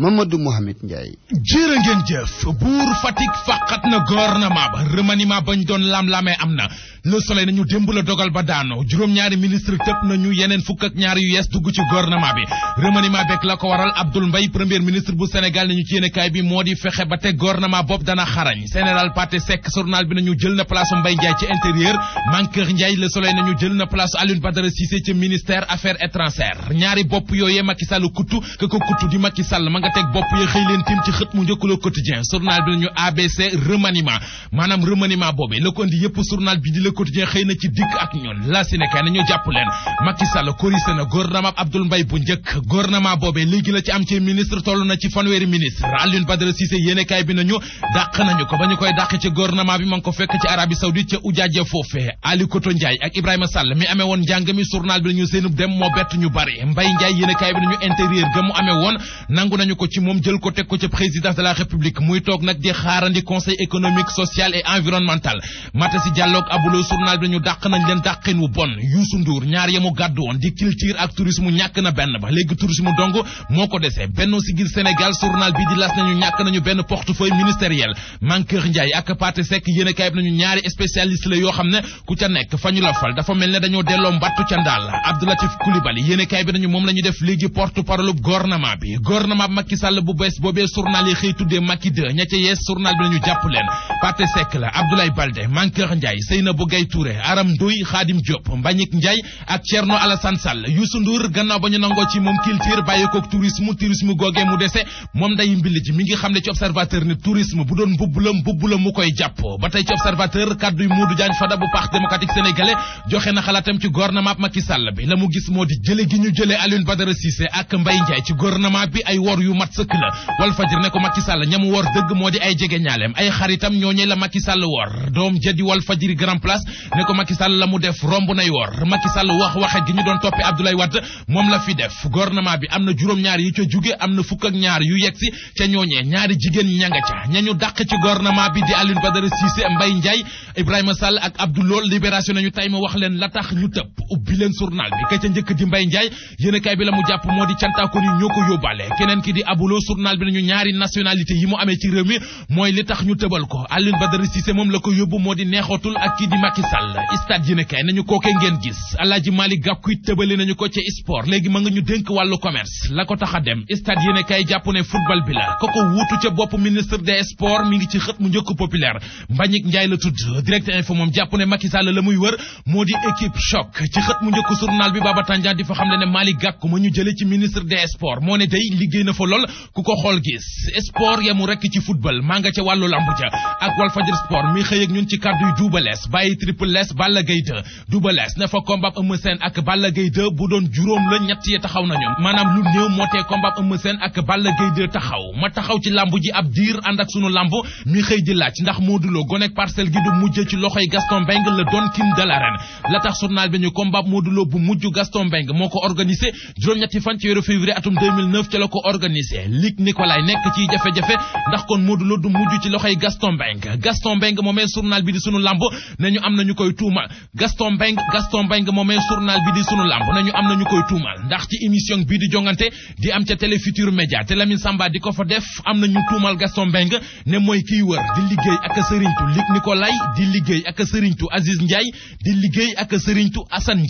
Mamadou Mohamed Ndiaye jërë ngeen jëf buur Fatick fàqat na gouvernement ba remaniement bañ doon lam-lamee am na le soleil nañu démb la dogal ba daano juróom-ñaari ministre tëb nañu yeneen fukk ak ñaar yu yees dugg ci gouvernement bi remaniement bek la ko waral Abdoul Mbaye premier ministre bu Sénégal nañu ci yéenekaay bi moo di fexe ba teg gouvernement bopp dana xarañ général Pathé Seck journal bi nañu jël na place Mbaye Ndiaye ci intérieur Mankeur Ndiaye le soleil nañu jël na place Alioune Badara Cissé ci ministère affaires étrangères ñaari bopp yooyee Macky Sall kuttu ka ko kuttu di Macky Sall ma teg bopp ya xëy leen tim ci xët mu njëkk Le Quotidien journal bi nañu ABC remaniement maanaam remaniement boobee la ko indi yëpp journal bi di Le Quotidien xëy na ci dikk ak ñoon la nañu jàpp leen Macky Sall korise na gouvernement Abdoul Mbaye bu njëkk gouvernement boobee léegi la ci am ci ministre toll na ci fanweeri ministre Alioune Badara Cissé yéenekaay bi nañu dàq nañu ko ba ñu koy dàq ci gouvernement bi ma ngi ko fekk ci Arabie Saoudite ca Oudiadia foofee Ali Koto Ndiaye ak Ibrahima Sall mi ko ci moom jël ko teg ko ca présidence de la république muy toog nag di xaarandi conseil économique social et environnemental mata si dialogue abulo journal bi nañu dàq nañ leen wu bon Youssou Ndour ñaar ya mu gàddu di culture ak tourisme ñàkk na benn ba léegi tourisme dong moo ko desee Benno Siggil Sénégal journal bi di las nañu ñàkk nañu benn portefeuille ministériel Mankeur Ndiaye ak Pathé Seck yéene bi nañu ñaari spécialiste la yoo xam ne ku ca nekk fa ñu la fal dafa mel ne dañoo delloo mbattu ca ndaal Abdoulatif Coulibaly yéene la ñu def léegi porte-parole gouvernement Macky Sall bu bees boobee journal yi xëy tuddee Macky 2 ña ca yees journal bi nañu jàpp leen Pathé Seck la ak Thierno Alassane Sall Youssou gannaaw ba ñu nangoo ci moom culture bàyyi ko tourisme tourisme googee mu dese moom day mbili ji mi ngi xam ne ci observateur ne tourisme bu doon bubbulam bubbulam mu koy jàpp ba tey ci observateur kadduy Modou Diagne Fada bu Parti démocratique sénégalais joxe na xalaatam ci gouvernement Macky bi la mu gis moo di jële gi ñu jële Alioune Badara Cissé ak Mbaye Ndiaye ci gouvernement bi ay wor yu mat sëkk la wal fajir ne ko Macky Sall ñam woor dëgg moo di ay jege ñaaleem ay xaritam ñooñu la Macky Sall woor doom jëdi wal fajiri grand place ne ko Macky Sall la mu def romb nay woor Macky Sall wax waxet gi ñu doon toppee Abdoulaye Wade moom la fi def gouvernement bi am na juróom-ñaar yu ca jóge am na fukk ak ñaar yu yegg ca ñooñee ñaari jigéen ña nga ca ñañu dàq ci gouvernement bi di Alioune Badara Cissé Mbaye Ndiaye Ibrahima Sall ak Abdou Lool libération nañu ma wax leen la tax ñu tëb la mu jàpp moo di cantaakoon yi ñoo ko yóbbaale keneen ki di di abulo journal bi nañu ñaari nationalité yi mu amee ci réew mi mooy li tax ñu tëbal ko Alioune Badara Cissé moom la ko yóbbu moo di neexatul ak kii di Macky Sall stade yi nañu kookee ngeen gis Alaaji Malick Gakou tëbale nañu ko ci sport léegi ma nga ñu dénk wàllu commerce la ko tax a dem stade yi jàpp ne football bi la koko wuutu ca bopp ministre des sports mi ngi ci xët mu njëkk populaire Mbagnick Ndiaye la tudd direct info jàpp ne lool ku ko xool gis sport yamu rek ci football maa nga ca wàllu lamb ja ak wal fajir sport mi xëy ak ñun ci kàddu yu duubalees bàyyi triple S Balla Gaye 2 duubalees ne fa combat Eumeu ak Balla Gaye bu doon juróom la ñett yi taxaw nañu maanaam lu néew moo tee combat Eumeu Sène ak Balla Gaye taxaw ma taxaw ci lamb ji ab diir ànd ak sunu lamb mi xëy di laaj ndax Modou Lo gonek parcelle gi du mujj ci loxoy Gaston Mbengue la doon king de l'arène la tax journal bu mujj Gaston Mbengue moo ko organisé organisé Luc Nicolaï nekk ci jafe-jafe ndax kon Modou Lo du mujj ci loxoy Gaston Mbengue Gaston Mbengue moomee journal bi di sunu lamb nañu am nañu koy tuumal Gaston Mbengue Gaston Mbengue moomee journal bi di sunu lamb nañu am nañu koy tuumal ndax ci émission bii di jongante di am ca Télé Futurs Médias te Samba di ko fa def am nañu tuumal Gaston Mbengue ne mooy kiy wër di liggéey ak Serigne Luc Nicolaï di liggéey ak Serigne Aziz Ndiaye di liggéey ak Serigne Assane